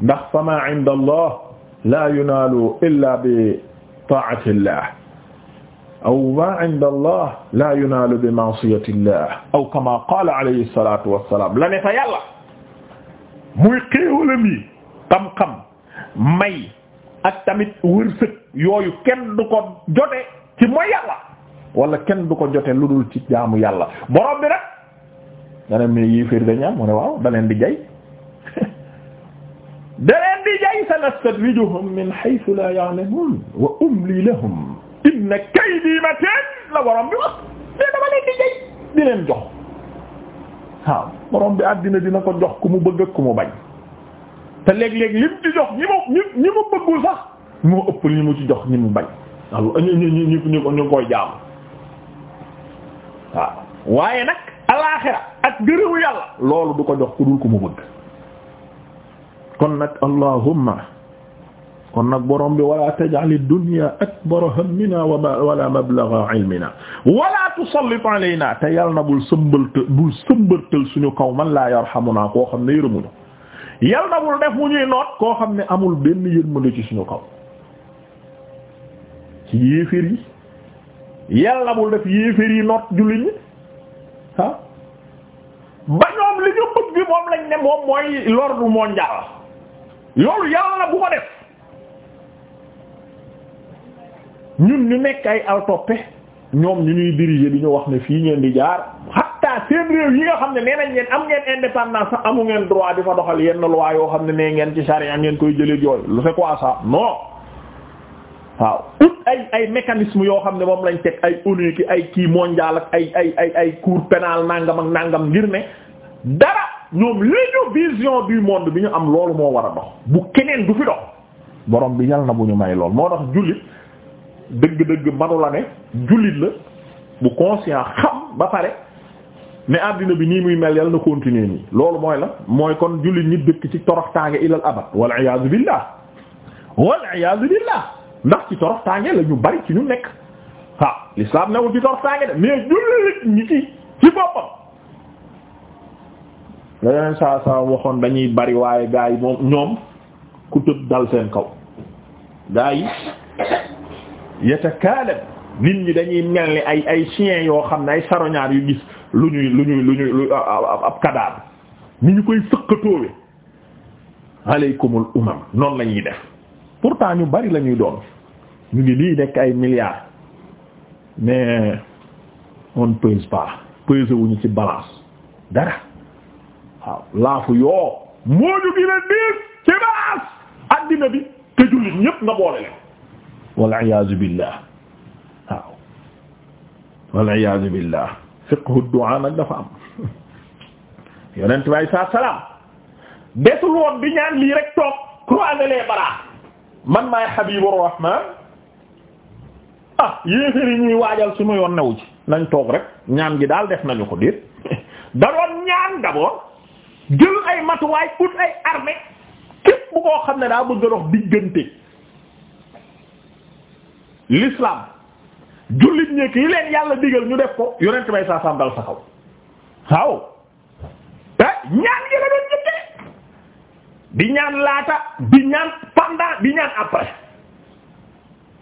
ndax fa ma inda allah la yunaalu illa bi taati illah aw ma inda allah la yunaalu bi maasiyati illah aw kama qaala alayhi salatu wassalam la ne fa yàlla muy xéewalam yi xam-xam may ak tamit wërsëg yooyu kenn du ko jote ci mooy yàlla wala kenn du jote lu dul ci jaamu yàlla borom bi nag dana mi yii fiir dañu am mu di jay da leen di jaay sanastadrijuhum min haythu la ya'lamun wa umli lahum inna kaydi matin la borom bi wax mais dama leen di jaay di jox waaw borom bi àddina dina ko jox ku mu bëgg ku mu bañ te léeg-léeg lim jox ñi mu ñi mu bëggul sax moo ëpp li mu ci jox ñi mu bañ waaw ñu ñu ñu ñu ñu koy jaam waaw waaye nag alaaxira ak gërëmu yàlla loolu du ko jox ku dul ku mu bëgg kon nag allahumma kon nag borom bi wala taj'al ad-dunya akbara hammina wala mablagha ilmina wala tusallit alayna te yal na bul sëmbaltal bul sëmbaltal suñu kaw man la yarhamuna koo xam ne yërëmuñu yal na bul def mu ñuy noot koo xam ne amul benn yërmande ci suñu kaw ci yéeféer yi yal na def yéeféer yi noot jullit ñi ah ba li ñu bëgg bi moom lañ ne moom mooy l'ordre mondial loolu yàlla bu ko def ñun ñu nekk ay altoppe ñoom ñu ñuy diriger di ñu wax ni fii ngeen di jaar hatta seen réew yi nga xam ne nee nañ ngeen am ngeen indépendance amu ngeen droit di fa doxal yenn loi yoo xam ne nee ngeen ci charia ngeen koy jëlee jooy lu c'est quoi ça non waaw ut ay ay mécanisme yoo xam ne moom lañ teg ay ONU ki ay kii mondial ak ay ay ay ay cour pénal nangam ak nangam ngir ne dara. ñoom li ñu vision du monde bi ñu am loolu moo war a dox bu keneen du fi dox borom bi yal na bu ñu may lool moo tax jullit dëgg-dëgg manu la ne jullit la bu conscient xam ba pare mais àddina bi nii muy mel yal na continuer nii loolu mooy la mooy kon jullit ñi dëkk ci toroxtaange ilal abad wal iyaazu billah wal iyaazu billah ndax ci toroxtaange la ñu bari ci ñu nekk waaw l'islam newul ci toroxtaange de mais jullit ñi ci ci boppam la yeneen saa saa waxoon dañuy bari waaye gaa yi moom ñoom ku tëb dal seen kaw gaa yi yatakaalam nit ñi dañuy mel ni ay ay chien yoo xam ne ay saroñaar yu gis lu ñuy lu ñuy lu ñuy lu ab kadaar ni ñu koy sëqatoowe aleykumul umam noonu la def pourtant ñu bari lañuy ñuy doon ñu ngi lii nekk ay milliards mais on pèse pas pèse wuñu ci balance dara waaw laafu yoo moo ñu gën a diis ci baas addina bi te jullit ñépp nga boole leen wal iyaazu billah waaw wal iyaazu fiqhu du'a nag dafa am yonent bi ay saa bi ñaan lii rek toog croiser les bras man maay Habibur Rahman ah yéeféer ñuy waajal suñu yoon newu ci nañ toog rek ñaan gi daal def nañu ko déet daroon ñaan d'abord jël ay matuwaay ut ay armée képp bu koo xam ne daa bëgg a dox diggante l'islam jullit ñekk yi leen yàlla digal ñu def ko yonent bay saa saam dal sa kaw waaw eh ñaan gi la doon jëkke di ñaan laata di ñaan pendant di ñaan après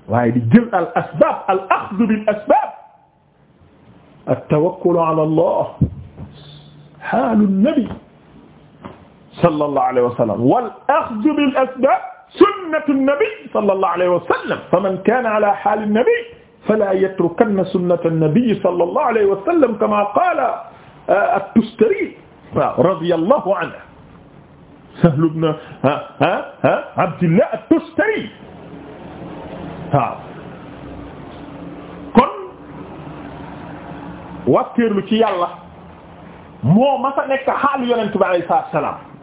waaye di jël al asbaab al axdu bil asbaab at tawakkul ala allah nabi sallallahu alayhi wa sallam wal axdu bil asbaab sunnatu nabi sallallahu alayhi wa sallam faman kaana ala haali nabi fala yatrukanna sunnata nabi sallallahu alayhi wa sallam kama qaala uh, at-Tustari waaw radiyallahu anhu Sahl ibn uh, uh, Abdillah at-Tustari waaw kon wàkkeerlu ci yàlla moo ma sa nekk xaalu yonent bi alayhi salaam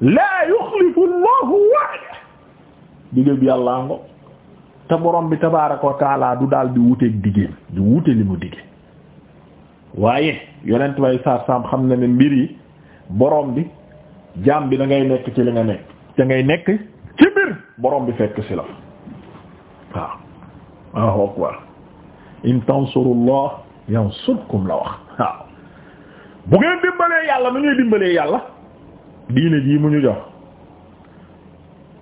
laa yuxlifu allahu wa'da digéey bi yàllaa ngo te borom bi tabaaraka wa daal di wuteeg digéen du wute li mu digee waaye yonent bay saar saam xam na ne mbir yi borom bi jaam bi da ngay nekk ci li nga nekk nekk ci mbir borom bi fekk si la waaw waaw akbar in tansurullah yansurkum la wax waaw bu ngeen dimbalee yàlla nu ñuy dimbalee yàlla diine jii mu ñu jox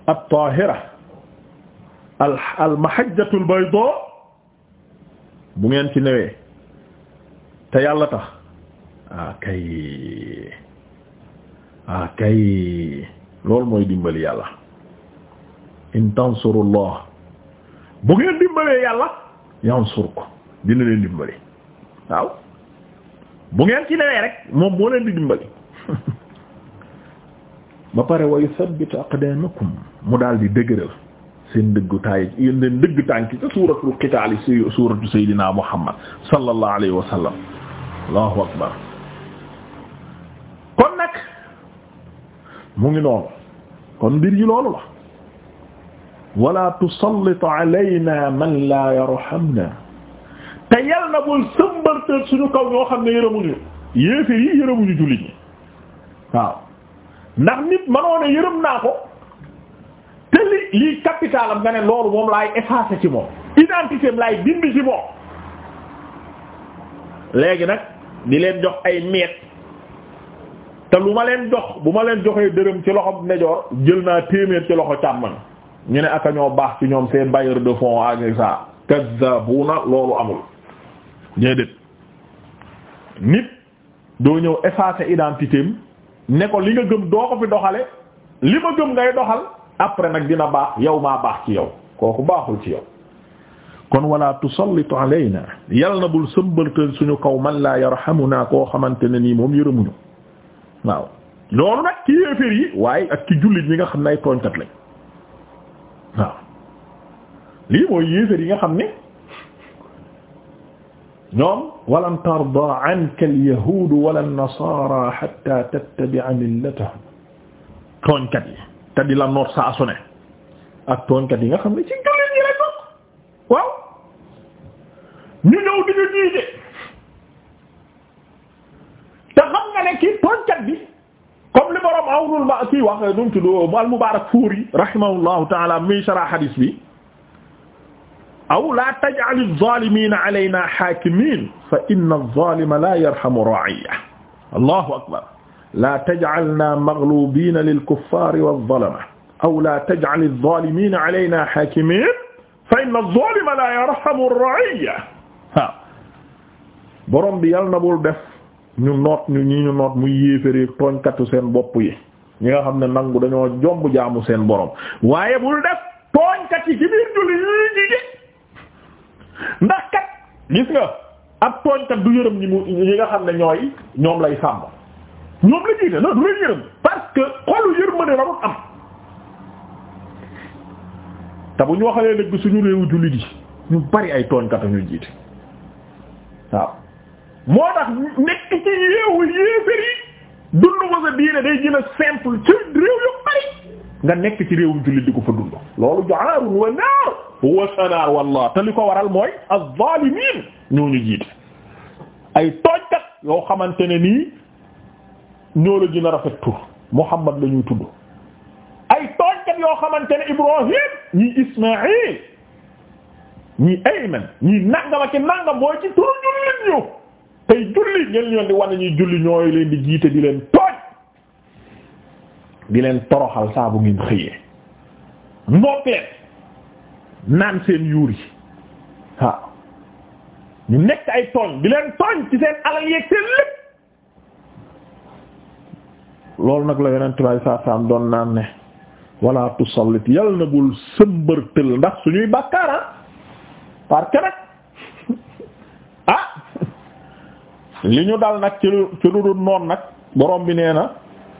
al taahira al al mahajjatu al bayda bu ngeen ci newee te yàlla tax ah kay ah loolu mooy dimbali yàlla in tansurullah bu ngeen dimbalee yàlla yansurku dina leen dimbali waaw bu ngeen ci newee rek moom moo leen di dimbali ba pare wa yuthabbit aqdamakum mu daal di dëgëral seen dëggu taay yéen leen dëgg tànki ca suuratul qitaal mu ngi noonu kon mbir yi loolu la wala tusallit alayna man la yarhamna te yal na bul sëmbarteel suñu kaw ñoo xam ne yërëmuñu yéeféer yi yërëmuñu jullit ñi ndax nit mënoo yërëm naa ko te li lii capital am nga ne loolu moom laay effacer ci moom identité am laay dindi ci moom léegi nag di leen jox ay meet te lu ma leen jox bu ma leen joxee dërëm ci loxo nejoor jël naa téeméer ci loxo càmmoñ ñu ne aka ñoo baax ci ñoom seen bailleur de fonds ak sa kazzabuna loolu amul déedéet nit doo ñëw effacer identité ne ko li nga gëm doo ko fi doxale li ma gëm ngay doxal après nag dina baax yow maa baax ci yow kooku baaxul ci yow kon wala tusallitu alayna yal na bul sëmbaltal suñu kaw man laa yarhamuna koo xamante ne nii moom yërëmuñu waaw loolu nag ci yéeféer yi waaye ak ci jullit ñi nga xam ne ay tooñkat lañ waaw lii mooy yéeféer yi nga xam ne ñoom walan tarda anka alyahudu wala alnasara hatta tattabi'a millatahum yi saa su ak tooñkat yi nga xam ne ci jullit ñi rek bokk waaw ñu ñëw di ñu diide te nga ne kii tooñkat bi comme li borom awnul ma kii wax num tudd al Mubaarak Fuuri rahimahullahu ta'ala mi sharh hadith bi aw laa taj'al adh-dhalimina alayna hakimin fa inna adh-dhalima la yarhamu ra'iyyah allahu akbar laa taj'alna maghlubina lil-kuffari wadh-dhalamah aw laa taj'al adh-dhalimina alayna hakimin fa inna adh-dhalima la yarhamu ra'iyyah waaw borom bi yàlla na bul def ñu noot ñu ñi ñu noot muy yéeféri tooñkatu seen bopp yi ñi nga xam ne nangu dañoo jomb jaamu seen borom waaye bul def tooñkat yi ci biir julli yi ndax kat gis nga ak tooñkat du yërëm ñi mu ñi nga xam ne ñooy ñoom lay sàmm ñoom la a non du lay yërëm parce que xolu yërmande la doon am te bu ñu waxalee nag suñu réewu jullit yi ñu bari ay tooñkat ñu jiite waaw moo tax nekk ci réewu yéefar yi dund ko sa diine day gën a simple ci réew yu bari nga nekk ci réew réewum jullit di ko fa dund loolu jaarun wa naar wa sanaar wallah te li ko waral mooy az-zaalimiin ñooñu jiite ay toojkat yoo xamante ne nii ñoo la gën a rafet tur Muhammad la tudd ay toojkat yoo xamante ne Ibrahim ñii Ismaïl ñii Ayman ñii nangam ak nangam mooy ci turu jullit ñu tey julli ngeen di wane ñuy julli ñooy leen di jiite di leen di leen toroxal saa bu ngeen xëyee noot leen naan seen yuur yi waaw ñu nekk ay tooñ di leen tooñ ci seen alal yeeg seen lépp loolu nag la yeneen tubaab saa saam doon naan ne wala tusallit yal na bul sëmbërtël ndax suñuy bàkkaara ah. parce que nag ah li ñu dal nag ci lu ci lu noon nag borom bi nee na.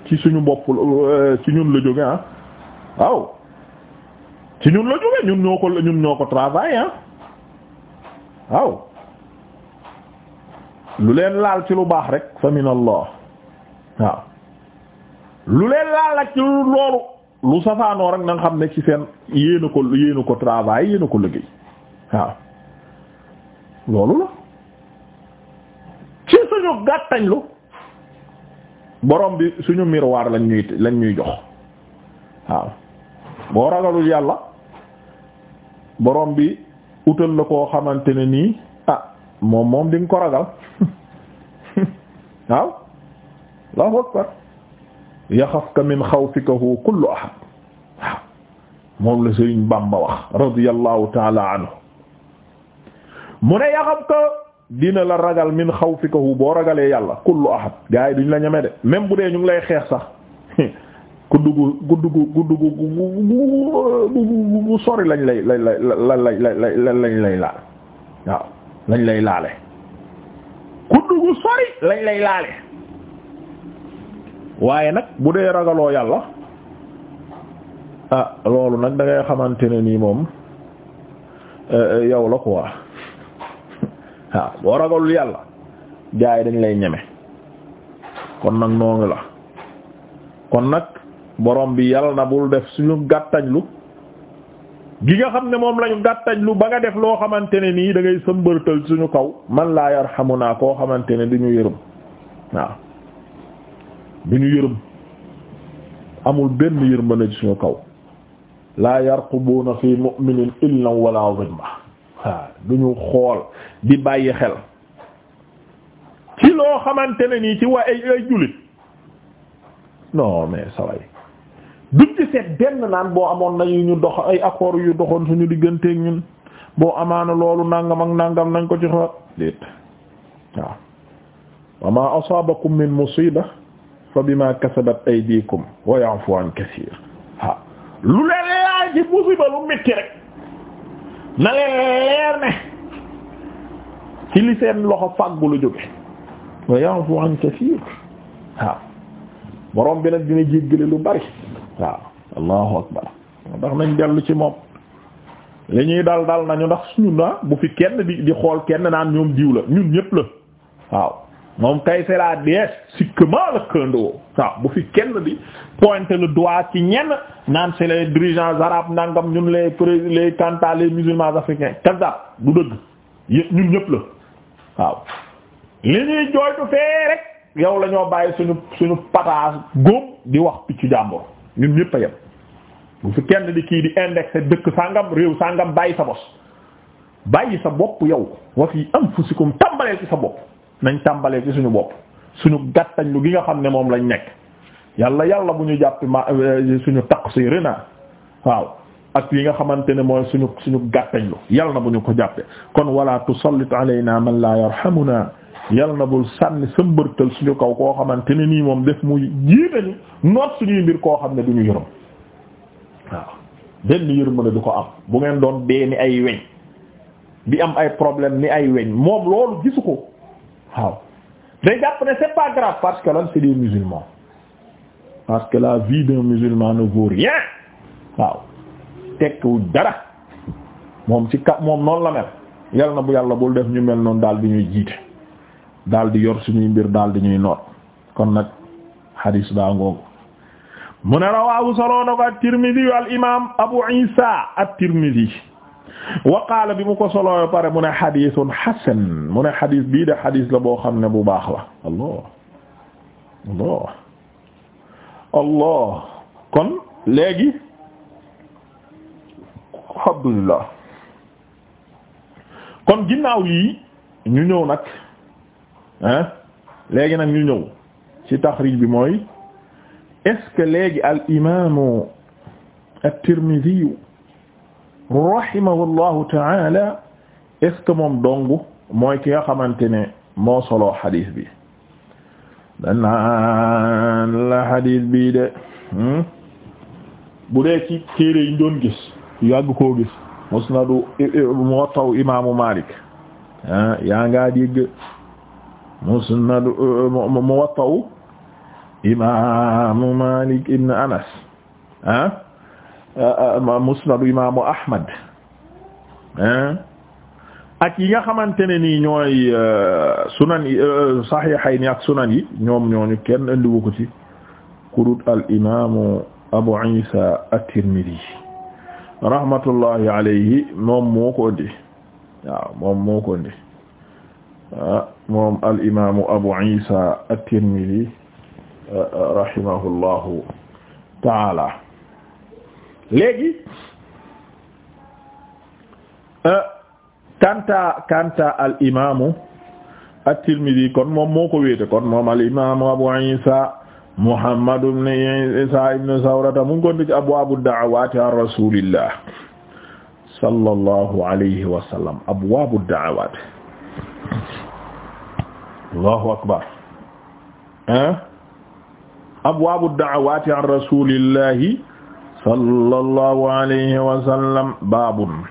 ci suñu bopp euh, ci ñun la jóge ah waaw ci ñun la jóge ñun ñoo ko ñun ñoo ko travail ah waaw lu leen laal ci lu baax rek fa min allah waaw lu leen laal ak ci loolu lu safaanoo rek na nga xam ne ci seen yéena ko yéena ko travail yéena ko liggéey waaw loolu la ci suñu gàttañ lu borom bi suñu miroir lañ ñuy lañ ñuy jox waaw boo ragalul yàlla borom bi utal la koo xamante ne nii ah moom moom di ko ragal waaw Allahu akbar yaxafka min xawfikahu kullu ahad waaw moom la Sëriñ Bamba wax radiyallahu taala anhu mu ne yaxafka dina la ragal min xawfikahu boo ragalee yàlla kullu ahad gars yi duñ la ñeme de même bu dee ñu ngi lay xeex sax ku dugg ku dugg ku dugg bu sori lañ lay la la la la la lañ lay laal waaw lañ lay laale ku dugg sori lañ lay laale waaye nag bu dee ragaloo yàlla ah loolu nag da ngay xamante ne nii moom eh, eh, yow la quoi. waaw boo ragalul yàlla gaa dañ lay ñeme kon nag noonu la kon nag borom bi yàlla na bul def suñu gàttañlu gi nga xam ne moom lañu gàttañlu ba nga def loo xamante ne nii da ngay sëmbërtal suñu kaw man laa xamu naa koo xamante ne du ñu yërëm waaw du ñu yërëm amul benn yërmande suñu kaw laa yarqubuuna fi mu'minin illan wala zimma waaw du ñu xool di bàyyi xel ci loo xamante ne nii ci waa ay ay jullit non mais saway duñ ci seet benn naan boo amoon na yu ñu dox ay accords yu doxoon suñu digganteeg ñun boo amaana loolu nangam ak nangam nañ ko ci xool déet waaw wa ma asabakum min musiba fa bima kasabat aydikum wa ya'fu an kaseer lu leen laa ci musiba lu metti rek na leen leer ne ci li seen loxo fàggu lu jóge wa ya'fu an kaseer waaw borom bi nag dina jéggale lu bari waaw allahu akbar ndax nañ dellu ci moom li ñuy dal dal nañu ndax suñu na ah, bu fi kenn di di xool kenn naan ñoom diw la ñun ñépp la waaw moom kay c'est la déesse sikkement waaw bu fi kenn di pointer le doigt ci ñenn naan c'est les dirigeants arabes nangam ñun les les canta les musulmans africains kazab du dëgg ñun ñëpp la waaw li ñuy jooytu fee rek yow lañoo bàyyi suñu suñu pataas góob di wax picc jàmbur ñun ñëpp a bu fi kenn di kii di indexé dëkk sàngam réew sàngam bàyyi sa bos bàyyi sa bopp yow wa fi anfusikum tàmbaleel ci sa bopp nañ tàmbalee ci suñu bopp suñu gàttañ lu gi nga xam ne moom lañ nekk yàlla yàlla bu ñu jàpp ma euh, suñu taqsirina waaw ak yi nga xamante ne mooy suñu suñu gàttañ lu yàlla na bu ñu ko jàppee kon wala tusallit alayna man la yarhamuna yàlla na bul sànni sëmbërtal suñu kaw koo xamante ne nii moom def mu jiite ñu noot suñuy mbir koo xam ne duñu ñu yërëm waaw benn yërmande du ko am bu ngeen doon dee ni ay weñ bi am ay problème ni ay weñ moom loolu gisu ko waaw day jàpp ne c'est pas grave parce que lan c'est des musulmans parce que la vie d'un musulman ne vaut rien waaw tekkiwul dara moom ci ka moom noonu la mel yal na bu yàlla bul def ñu mel noonu daal di ñuy jiite daal di yor suñuy mbir daal di ñuy noot kon nag xadiis baa ngoog mu ne rawaahu soloona ko at-Tirmidhi al imam Abu Isa at-Tirmidhi waqaala bi mu ko soloo pare mu ne xadisun xasan mu ne xadis bii de xadis la boo xam ne bu baax la allah allah allah kon léegi alhamdulillah kon ginnaaw lii ñu ñëw nag ah léegi nag ñu ñëw ci taxrij bi mooy est-ce que léegi al imaamu at rahimahullahu taala est-ce que moom dong mooy ki nga xamante ne moo solo xadis bi danaan la xadis bi de hmm? bu dee ci téere yi musnadu Muwatta imaamu Maalik ah yaa ngaa dégg musnadu eh, Anas ah Uh, uh, musnadu imaamu Ahmad ak yi nga xamante ne nii ñooy uh, sunan yi saxiixayni ak sunan yi ñoom ñooñu kenn andiwu ko ci kurut al imaamu Abu Isa at-Tirmidhi rahmatullahi alayhi moom moo ko indi waaw moom moo ko indi moom al imaamu Abu Isa at-Tirmidhi rahimahullahu taala léegi kanta euh, kanta al imaamu at-Tirmidhi kon moom moo ko wéete kon moom al imaamu Abu Isa Muhammad ibn Isa ibn Sawrata mu ngi ko ci abwaabu da'awaati an Rasulillah sallallahu alayhi wa sallam abwaabu da'awaat Allahu akbar abwaabu da'awaati an Rasulillahi sallallahu alayhi wa sallam baabun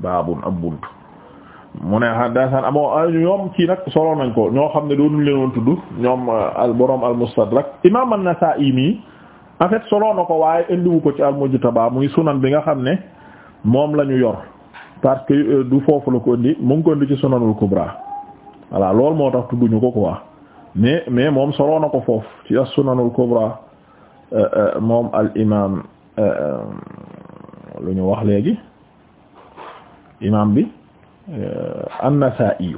baabun ab bunt mu ne hadasan amo ñoom kii nag solo nañ ko ñoo xam ne doonuñ leen woon tudd ñoom euh, al borom al mustadrak imam an-Nasa'i mi en fait solo na ko waaye indiwu ko ci al mujtaba muy sunan bi nga xam ne moom la ñu yor parce que euh, du foofu la ko indi mu ngi ko indi ci sunanul kubra voilà loolu moo tax tudduñu ko quoi mais mais moom solo na ko foofu ci as sunanul kubra Euh, euh, moom al euh, lu ñu wax léegi imaam bi an-Nasaa'i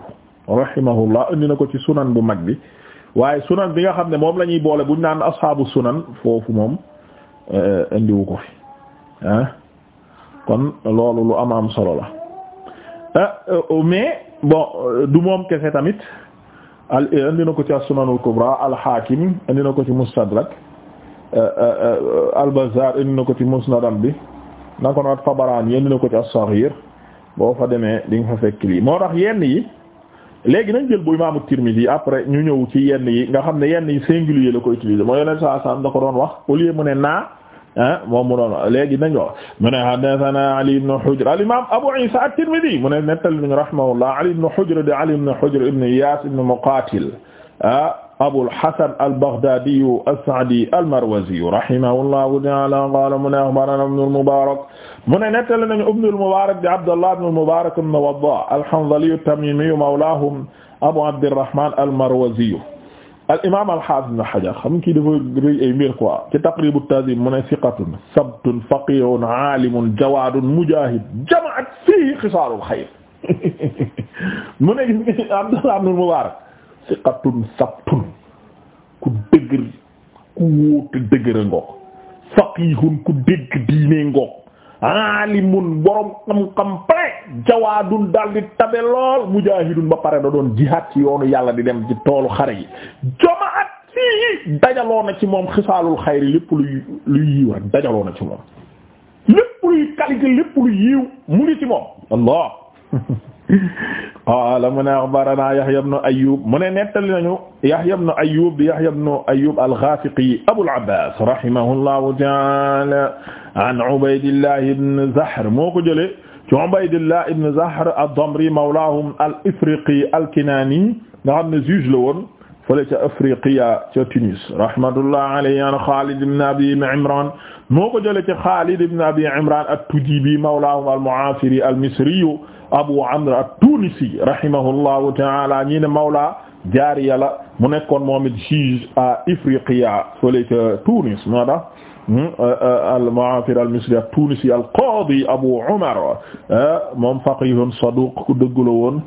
rahimahullah indi na ko ci sunan bu mag bi waaye sunan bi nga xam ne moom la ñuy boole buñ naan ashaabu sunan foofu moom indiwu ko fi kon loolu lu am am solo la mais bo du moom kese tamit al indi na ko ci as-sunanul kubra al-Haakim indi na ko ci Mustadrak Eh, eh, eh, al-Bazzar indi na ko ci musnadam bi na ko noot Tabarani indi na ko ci as-Saghir boo fa demee di nga fa fekk lii moo tax yenn yi léegi nañ jël bu imaamu Tirmidhi yi après ñu ñëw ci yenn yi nga xam ne yenn yi singulier la ko utiliser moo yeneen saa saa da ko doon wax au lieu mu ne naa ah moom mu doon léegi nañ wax mu ne haddathana Ali ibn Hujr al-imam Abu Isa at-Tirmidhi mu ne nettali nañ rahimahullah Ali ibn Hujr di Ali ibn Hujr ibn Iyas ibn Muqatil ah Abul Hasan al-Baghdadiyu as-Sa'di al-Marwaziyu rahimahullahu ta'ala qala mu ne akhbarana Ibnul Mubarak mu ne nettali nañu Ibnul Mubarak di Abdullah ibnul Mubarak ibn Waddah al-Hanzaliyu at-Tamimiyu mawlahum Abu Abdirrahman al-Marwaziyu al-imam al-Hafiz Ibn Hajar xam kii dafa rëy ay mbir quoi ci Taqrib at-Tahdhib mu ne thiqatun sabtun faqihun alimun jawadun mujahid jama'at fihi khisarul khayr mu ne Abdullah ibnul Mubarak siqatun sabtun ku dëgër ku wóote dëgër a ngoog faqihun ku dégg diine ngoog aalimun borom xam-xam pare jawaadun daal di tabe lool mujaahidun ba pare da doon jihaad ci yoonu yàlla di dem ci toolu xare yi jomaat fii dajaloo na ci moom xisaalul xayri lépp luy luy yiw rek dajaloo na ci moom lépp luy qualité lépp luy yiw mu ngi ci moom allah qaala mu ne axbaranaa Yahya ibnu Ayyuub mu ne nettali nañu Yahya ibnu Ayyuub di Yahya ibnu Ayyuub al-Ghafiqi Abul Abbaas rahimahullahu ta'aala an Ubaydillah ibn Zahr moo ko jëlee ci Ubaydillah ibn Zahr ad-Damri mawlaahum al-Ifriqi al-Kinaani nga xam ne juge la woon fële ca Ifriqiya ca Tunis rahmatullahi alayhi an Xaalid ibn Abi Imraan moo ko jëlee ci Xaalid ibn Abi Imraan at-Tujibi mawlaahum al-Mu'aafiri al-Misriyu Abu Amr at-Tunisi rahimahullahu ta'ala ñi ne mawla jaariya la mu nekkoon moom it juge à Ifriqiya fële ca Tunis moo tax hmm, euh, euh, al-Mu'aafiri al-Misri at-Tunisi al-Qaadi Abu Umar euh, moom faqiihun saduuq ku dëgg la woon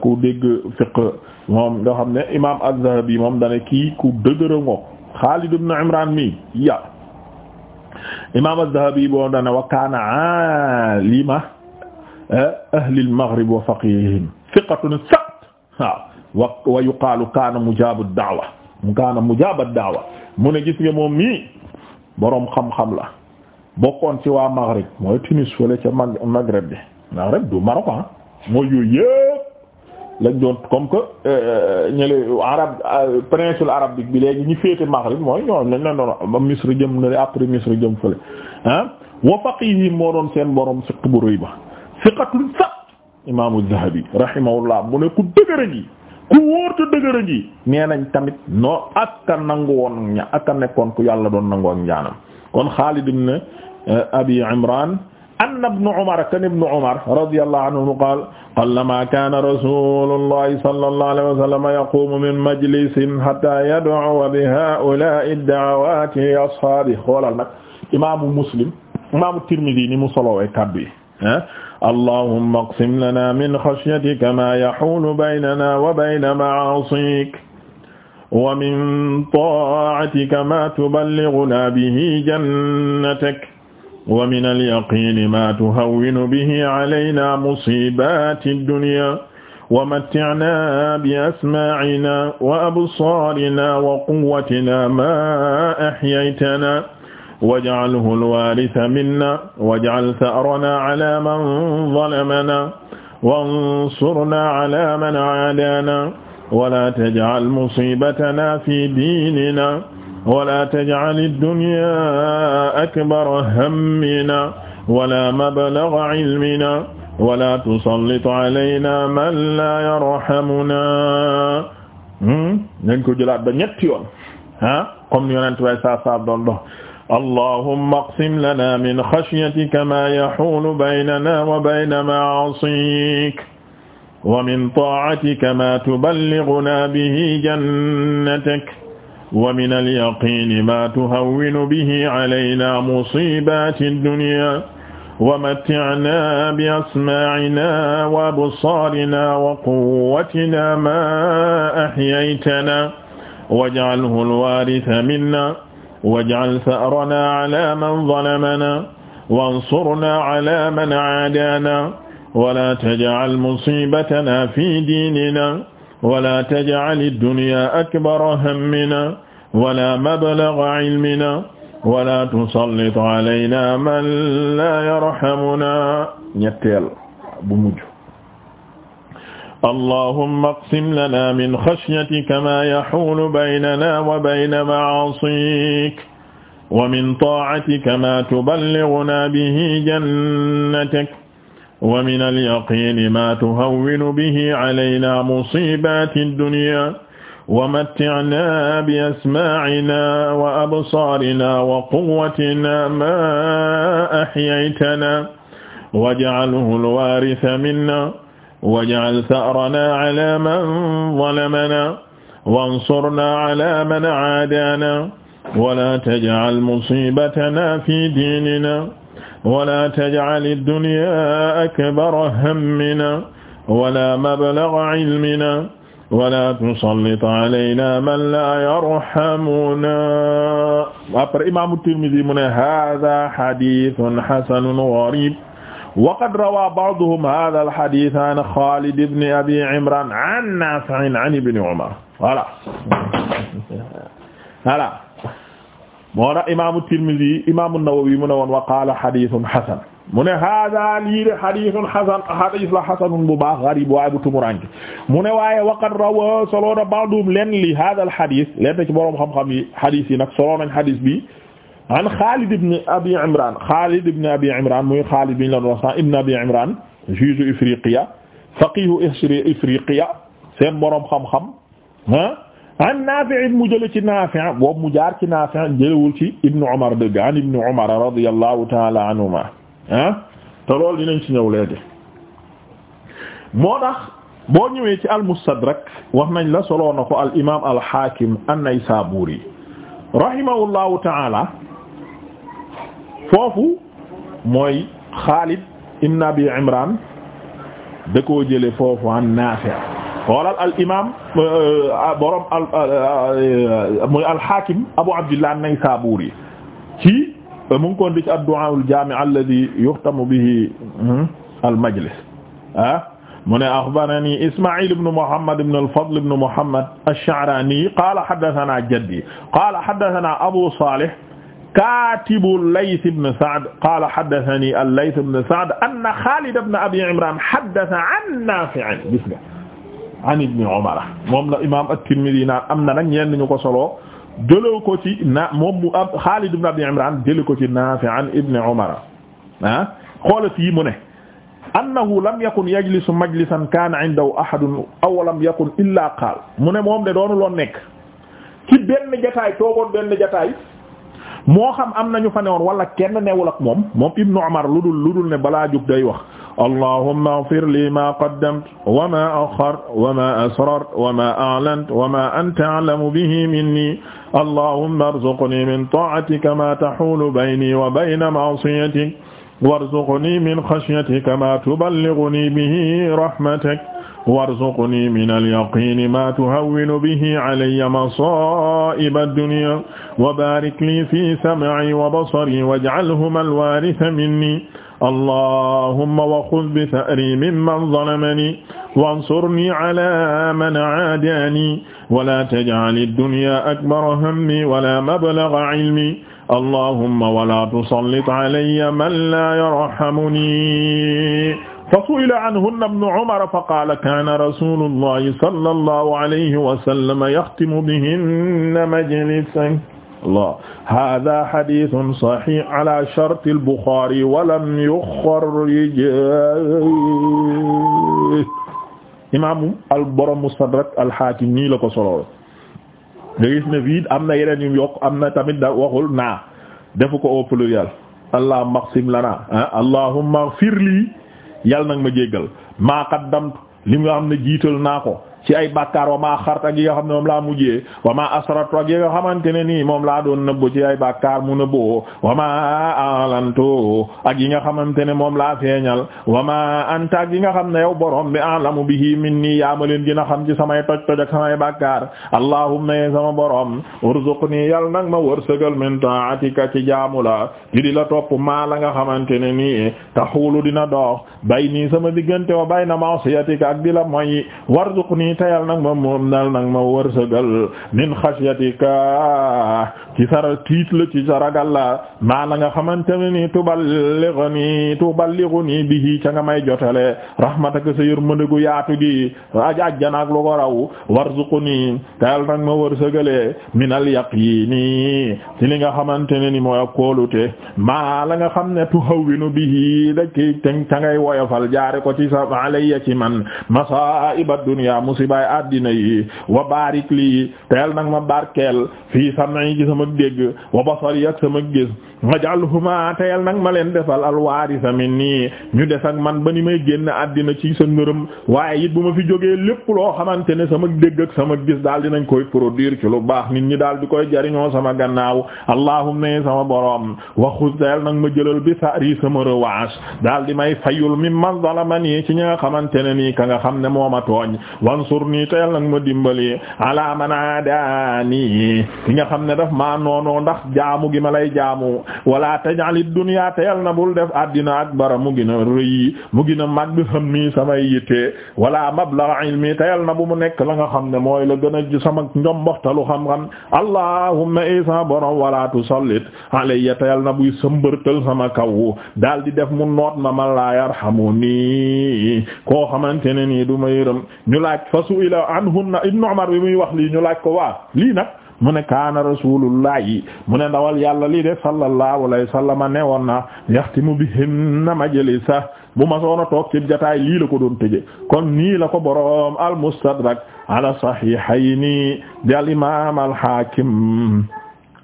ku dégg fiqh moom nga xam ne imaam az-Zahabi moom dane kii ku dëgër a Xaalid ibn Imraan mi ya imaam az-Zahabi boo dana wa kaana aalima eh, ahli al-maghrib wa faqihihim thiqatun sabt waaw wa yuqaalu kaana mujaabu ad-da'wa kaana mujaabu ad-da'wa mu ne gis nga moom mii boroom xam-xam la bokkoon ci waa maghrib mooy Tunis wala ca Maghreb bi Maghreb du Maroc ah, mooy yooyu yëpp lañ doon comme que euh, euh, ñële arab euh, péninsule arabique bi léegi ñu féete Maghrib mooy ñoom lañ leen doon ba Misr jëm na après Misr jëm fële ah wa faqihim moo doon seen borom fiq bu rëy ba fiqatun sa imaamu Zahabi rahimahullah mu ne ku dëgër a ji ku wóor te dëgër ji nee nañ tamit noo akka nangu woon ña nekkoon ku yàlla doon nangu ak njaanam kon Xaalid Abi Imraan anna ibn Umar kan ibn Umar radiyallahu anhu qaala qallama kaana rasuulullahi sallallahu alayhi wa sallam yaquumu min majlisin hatta yad'uwa bi haa'ulaa'i ad-da'awaati li ashaabihi xoolal nag imaamu Muslim imaamu Tirmidhi ni mu solowee kàddu yi ah, allahumma aqsim lanaa min xashyatika maa yahuulu baynanaa wa bayna ma'aasik wa min taa'atika maa tuballighnaa bihi jannatak wa min al-yaqiini maa tuhawwinu bihi alaynaa musiibaati ad-dunyaa wa matti'naa bi asmaacinaa wa absaarinaa wa quwwatinaa maa ahyaytanaa waj'alhu al-waarisa minnaa waj'al tha'ranaa 'alaa man zalamanaa wansurnaa 'alaa man 'aadaanaa wa laa taj'al musiibatanaa fii diininaa wala taj'al ad-dunya akbara hammina wala mablagha ilmina wala tusallit alayna man la yarhamuna hmm? nañ ko jëlaat ba ñetti yoon ah comme yonent way saa saa doon dox allahumma aqsim lana min khashyatika ma yahulu baynana wa bayna ma'asik wa min ta'atika ma tuballighuna bihi jannatak wa min al-yaqiini maa tuhawwinu bihi alaynaa musiibaati ad-dunyaa wa matti'naa bi asmaacinaa wa absaarinaa wa quwwatinaa maa ahyaytanaa waj'alhu al-waarisa minnaa waj'al tha'ranaa 'alaa man zalamanaa wansurnaa 'alaa man 'aadaanaa wa laa taj'al musiibatanaa fii diininaa wala taj'al ad-dunya akbara hammina wala mablagha ilmina wala tusallit alayna man la yarhamuna ñetteel bu mujj allahumma aqsim lana min khashyatika ma yahulu baynana wa bayna ma'asik wa min ta'atika ma tuballighuna bihi jannatak wa min al-yaqini ma tuhawwinu bihi alayna musibati ad-dunya wa matti'na bi asma'ina wa absarina wa quwwatina ma ahyaytana waj'alhu al-waritha minna waj'al tha'rana 'ala man zalamana wansurna 'ala man 'adana wa la taj'al musibatana fi dinina wala taj'al ad-dunya akbara hammina wala mablagha ilmina wala tusallit alayna man la yarhamuna après imam Tirmidhi mu ne hadha hadithun hasanun gharib wa qad rawa ba'duhum hadha al-hadith an Khalid ibn Abi Imran an Nafi' an Ibn Umar voilà voilà moo tax imaamu Tirmidhi imaamu Nawawi mu ne woon wa qaala xadiisun xasan mu ne haadaa lii de xadiisun xasan xadiis la xasanun bu baax gariib waaye bu tumuranke mu ne waaye waqad rawaa soloo na ba'dum leen li haadal xadiis leen ci boroom xam-xam yi xadiis yi nag soloo nañ xadiis bi an Xaalid ibn Abi Imraan Xaalid ibn Abi Imraan muy Xaalid bi ñu la doon wax ibn Abi Imraan juge Ifriqiya faqiihu Ifriqiya seen boroom xam-xam ah an Naafi' mu jële ci Naafi' boobu mu jaar ci Naafi' jëlewul ci Ibnu Umar dëgg an Ibnu Umar radiyallahu ta'ala anhuma ah te loolu ci ñëw léegi moo tax boo ñëwee ci al-Mustadrak wax nañ la soloo na ko al imaam al Haakim an-Naysaburi rahimahullahu ta'ala foofu mooy Xaalid ibn Abi Imraan da koo jële foofu an Naafi' xoolal al imaam euh, euh, ah, borom al euh, muy alxakim Abu Abdillah an-Naysaburi ci mu ngi ko di ci ad-du'a al-jami' alladhi yuhtamu bihi hmm, al-majlis ah mu ne akhbarani Isma'il ibn Muhammad ibn al-Fadl ibn Muhammad ash-Sha'rani qaala haddathana jaddi qaala haddathana Abu Salih katibu Layth ibn Sa'd qaala haddathani al-Layth ibn Sa'd anna Khalid ibn Abi Imran haddatha an Nafi' an ibni Umar moom la imaam at-Tirmidhi naan am na nag ñenn ñu ko soloo jëlee ko ci na moom mu ab Xaalid ibn Abi Imraan jëlee ko ci Naafi an ibni Umar ah xoolal fii mu ne. annahu lam yakun yajlisu majlisan kaana indahu ahadun aw lam yakun illaa qaal mu ne moom de doonu loon nekk ci benn jataay toogoon benn jataay moo xam am nañu fa newoon wala kenn newul ak moom moom ibnu Umar lu dul lu dul ne balaa jug day wax. allahumma ighfir li ma qaddamtu wa ma akhartu wa ma asrartu wa ma a'lantu wa ma anta a'lamu bihi minni allahumma irzuqni min ta'atika ma tahulu bayni wa bayna ma'siyatik warzuqni min khashyatika ma tuballighni bihi rahmatak warzuqni min al-yaqini ma tuhawwinu bihi alayya masaa'iba ad-dunya wa barik li fi sam'i wa basari waj'alhuma al-waritha minni allahumma wa xud bi sa'ri mimman zalamani wansurnii ala man aadaani wala taj'al ad-dunya akbara hammi wala mablagha ilmi allahumma wala tusallit alayya man la yarhamuni fa su'ila anhunna ibnu umar fa qaala kaana rasuulullahi sallallahu alayhi wa sallam yaxtimu bihinna majlisan Allah haadaa hadiisun sahiih alaa sharti al-Buxaari wa lam yuxarrijhu imaamu al borom Mustadrak al-Haakim nii la ko solo nga gis ne fii am na yeneen yu yokk am na tamit da waxul naa defu ko au pluriel allahumma ighfir lanaa allahumma ighfir lii yàlla nag ma jéggal maa qaddamtu li nga xam ne jiital naa ko. ci ay bàkkaar wa maa xart ak yi nga xam ne moom laa mujjee wa maa asrat ak xamante ne nii moom laa doon nëbbu ci ay bàkkaar mu nëbboo wa maa alanto ak yi nga xamante ne moom laa feeñal wa maa anta ak yi nga xam ne yow borom bi alamu bihi minni yaa ma leen gi na xam ci samay toj-toj ak samay bàkkaar allahumma ye sama borom urzuqni yal nag ma war wërsëgal min ta'atika ci jaamu la di di la topp maa la nga xamante ne nii taxulu dina dox bayni sama diggante wa bayna ma'siyatika ak di la moy warzuqni tayal nag ma moom nal nag ma wërsëgal min xasyatika ci sara tiit la ci sa ragal la maa la nga xamante ne ni tuballighuni tuballighuni bihi ca nga may jotale rahmataka sa yërmande gu yaatu gi aj ajjana ak lu ko raw warzuquni tayal nag ma wërsëgale min al yaqini ci li nga xamante ne ni mo ak kóolute maa la nga xam ne tuhawwinu bihi da ca ngay woyofal jaare ko ci sa alayya ci man masaa'iba dunya musibaay addina yi wa barik lii teel nag ma barkeel fii sam'i ci sama dégg wa basari ak sama gis waj'alhuma teel nag ma leen defal alwaarisa nii ñu des ak man ba ni may génn addina ci sa ngërëm waaye it bu ma fi jógee lépp loo xamante ne sama dégg ak sama gis daal dinañ koy produire ci lu baax nit ñi daal di koy jariñoo sama gannaaw allahumma sama borom wa xud teel nag ma jëlal bi sari sama revanche daal di may fayul mimman zalamani ci ñi nga xamante ne nii ka nga xam ne moo ma wansurnii te yàlla nag ma dimbali ala man aadaani ki nga xam ne daf maa noonoo ndax jaamu gi ma lay jaamu walaa te dunya te yàlla na bul def àddina akbara mu gën a rëy mu gën a màgg hammi samay yitte wala mablaga ilmi te na bu mu nekk la nga xam ne mooy la gën a sama njomboxtalu xam-xam allahumma isa borom wala tusallit alayya te yàlla na buy sëmbërtal sama kaw daal di def mu noot ma man la yarhamuni koo xamante ne nii du ma yërëm ñu laaj fa su'ila anhunna ibnu umar bi muy wax lii ñu laaj ko waa lii nag mu ne kaana rasulullahi mu ne ndawal yàlla lii de sallallahu alayhi wa sallam ne woon na yaxtimu bihinna majlisa bu ma soona toog ci jataay lii la ko doon tëje kon nii la ko boroom al mustadrak ala sahihayni di al imam al hakim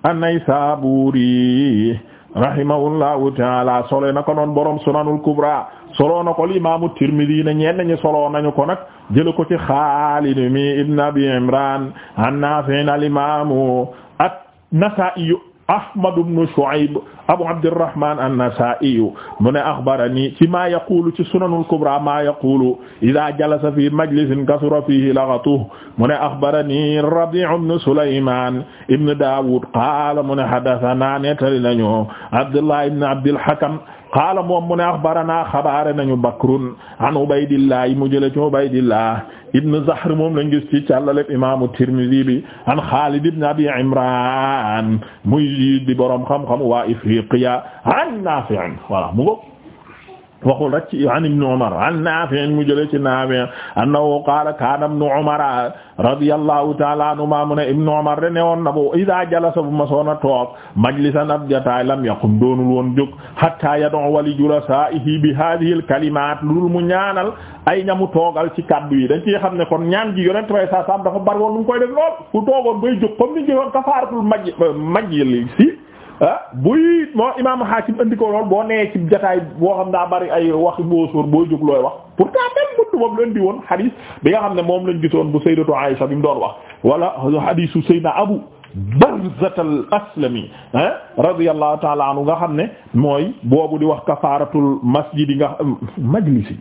an-naysaburi rahimahullahu ta'ala solo na ko noon boroom sunanul kubra soloo na ko imaamu Tirmidi ne ñenn ñi soloo nañu ko nag jële ko ci Xaalid mi ibn Abi Imran an Naafi' al imaamu an-Nasaa'i Ahmad ibn Shu'ayb Abu Abdirrahman an-Nasaa'i mu ne axbarani ci maa yaqulu ci sunanul kubra maa yaqulu idaa jalasa fii majlisin kasura fiihi laghatuhu mu ne axbarani Rabi' ibn Sulaymaan ibn Daawuud qaala mu ne haddathanaa nettali nañu Abdullah ibn Abdil Hakam qaala moom mu ne axbaranaa xabaare nañu bakrun an ubaydillah yi mu jële ci ubaydillah ibn zahr moom lañ gis ci càllaleb imamu tirmidi bi an xaalid ibn abi imran muy di boroom xam-xam waa ifriqiya an nafi' voilà mu ngo waxul rek ci an ibnu Umar an Naafi' mu jëlee ci Naafi' annahu qaala kaana ibnu Umar radiyallahu ta'ala anhumaa mu ne Umar de ne woon bu idaa jalasa bu ma soona toog majlisan ab jataay lam yaqum doonul woon jóg hattaa yad'u wali julasaa'ihi bi haadihil kalimaat lul mu ñaanal ay ñamu toogal ci kaddu yi dañ ci xam ne kon ñaan gi yonent bay saa saam dafa bari woon lu mu koy def lool fu toogoon bay jóg comme ni ñu koy waxee kafaaratul maj majlis si ah buy moo imaamu Hakim andi ko lool boo nee ci boo xam daa bari ay waxi boo sóor boo jóg looy wax pour même bunt moom la andi woon xadiis bi nga xam ne moom lañ gisoon bu sayyidatu Aisha bi mu doon wax wala xadiisu Seydina Abu Barzata al-Aslami ah radiyallahu ta'ala anhu nga xam ne mooy boobu di wax kafaaratul masjid yi nga majlisi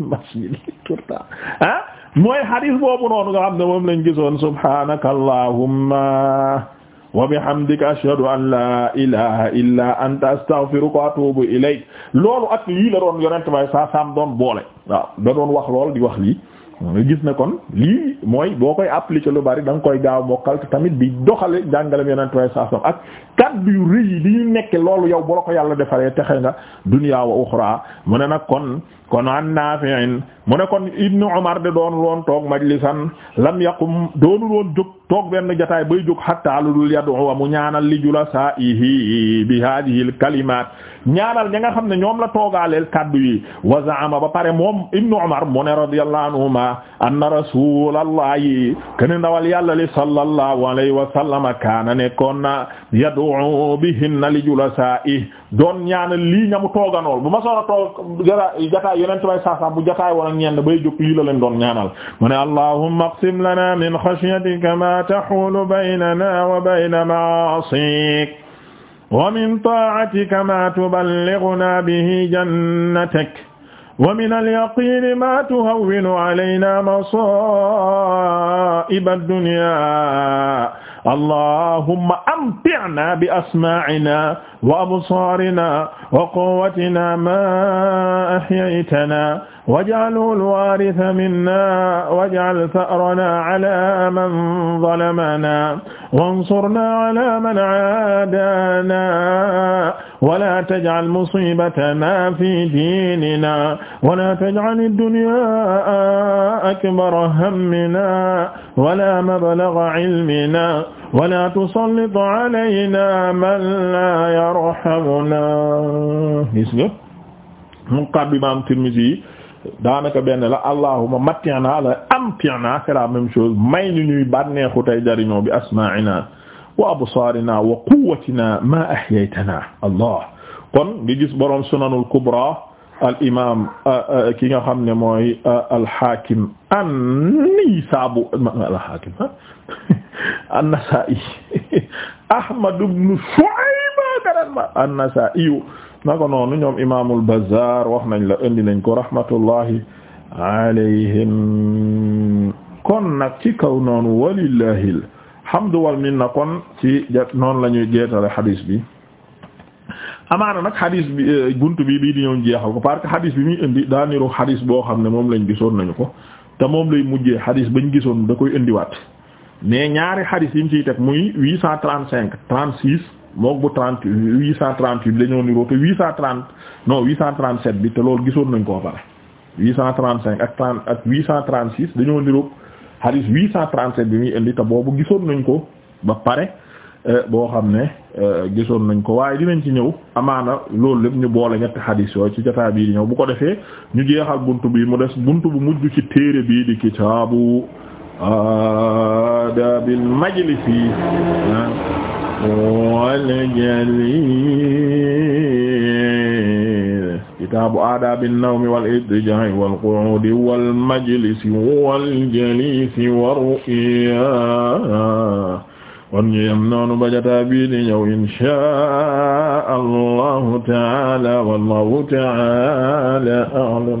masjid yi pourtant ah mooy xadiis boobu noonu nga xam ne moom lañ gisoon subhanakallahumma wa bihamdika ashhadu an la ilaha illa anta astaghfiruka wa atubu ilayk loolu ak lii la doon yonent bay saa doon boole waaw da doon wax lool di wax lii nga gis ne kon lii mooy boo koy appliquer lu bari da nga koy gaaw mokkal te tamit bi doxale jàngalem yonent way saa ak kaddu yu rëy yi ñu nekkee loolu yow boo la ko yàlla defaree texe nga dunyaa wa uxraa mu ne nag kon kon an Naafi'in mu ne kon Ibnu Umar de doonul woon toog majlisan lam yaqum doonul woon toog benn jataay bay jóg hatta lu dul yadu wa mu ñaanal li julasaa'ihi bi haadihil kalimaat ñaanal nga xam ne ñoom la toogaaleel kaddu yi wa za'ama ba pare moom Ibnu Umar mu ne radiyallahu anhuma anna rasulallahi ken ndawal yàlla li sallallahu alayhi wa sallam bihinna li julasaa'ihi doon ñaanal lii ñamu tooganool bu ma soxla toog jara jataay yonent bay saa saa bu jataay woon ak ñenn bay jóg lii la leen doon ñaanal mu ne allahumma aqsim lana min khashyatika ma tahulu baynana wa bayna ma'asik wa min ta'atika ma tuballighuna bihi jannatak wa min al-yaqini ma tuhawwinu alayna masaa'iba ad-dunya allahumma amti'na bi asma'ina wa absarina wa quwwatina ma ahyaytana waj'alhu al-waarisa minnaa waj'al sa'ranaa 'alaa man zalamanaa wansurnaa 'alaa man 'aadaanaa walaa taj'al musiibatanaa fii diininaa walaa taj'al ad-dunyaa akbara hamminaa walaa mablagha 'ilminaa walaa tusallit 'alaynaa man laa yarhamnaa gis nga mu kaddu Imaam Tirmizi daanaka benn la allahumma matti'na la amti'na c'est la même chose may ñu ñuy bànneexu tey jariñoo bi asma'ina wa absaarina wa quwwatina ma ahyaytana allah kon ngi gis boroom sunanul kubra al imam ki nga xam ne mooy al hakim an-nisabu al hakim an-nasa'i ahmad ibn shu'ayb an-nasa'i naka noonu ñoom imaamul Bazzaar wax nañ la indi nañ ko rahmatullahi alayhim kon nag ci kaw noonu walillahil hamdu wal na kon ci ja noonu la ñuy jeetale xadis bi amaana nag xadis bi eh, bunt bi lii di ñëw jeexal ko parce que bi muy indi daa niru xadis boo xam ne moom lañ gisoon nañu ko te moom lay mujjee xadis bañ gisoon da koy indiwaat mais ñaari xadis yi mu ciy teg muy huit cent trente cinq trente six mook bu trente huit cent trente-huit bi dañoo niroo te huit cent trente non huit cent trente-sept bi te lool gisoon nañ koo pare huit cent trente-cinq ak trente ak huit cent trente-six dañoo niroog hadith huit cent trente-sept bi muy indi te boobu gisoon nañ ko ba pare eh, boo xam ne eh, gisoon nañ ko waaye dinañ ci ñëw amaana loolu lépp ñu boole ñetti hadith yooyu ci jotaay bii di ñëw bu ko defee ñu jeexal bunt bi mu des buntu bu mujj ci téere bii di kitaabu eh, adabil majlisi wal jaliil kitaabu aadaabi nawmi wal idtijaa'i wal qu'uudi wal majlisi wal jaliisi wa ru'yaa kon ñu yem noonu ba jotaa bii di ñëw inshaa allahu taala wallahu taala a'lam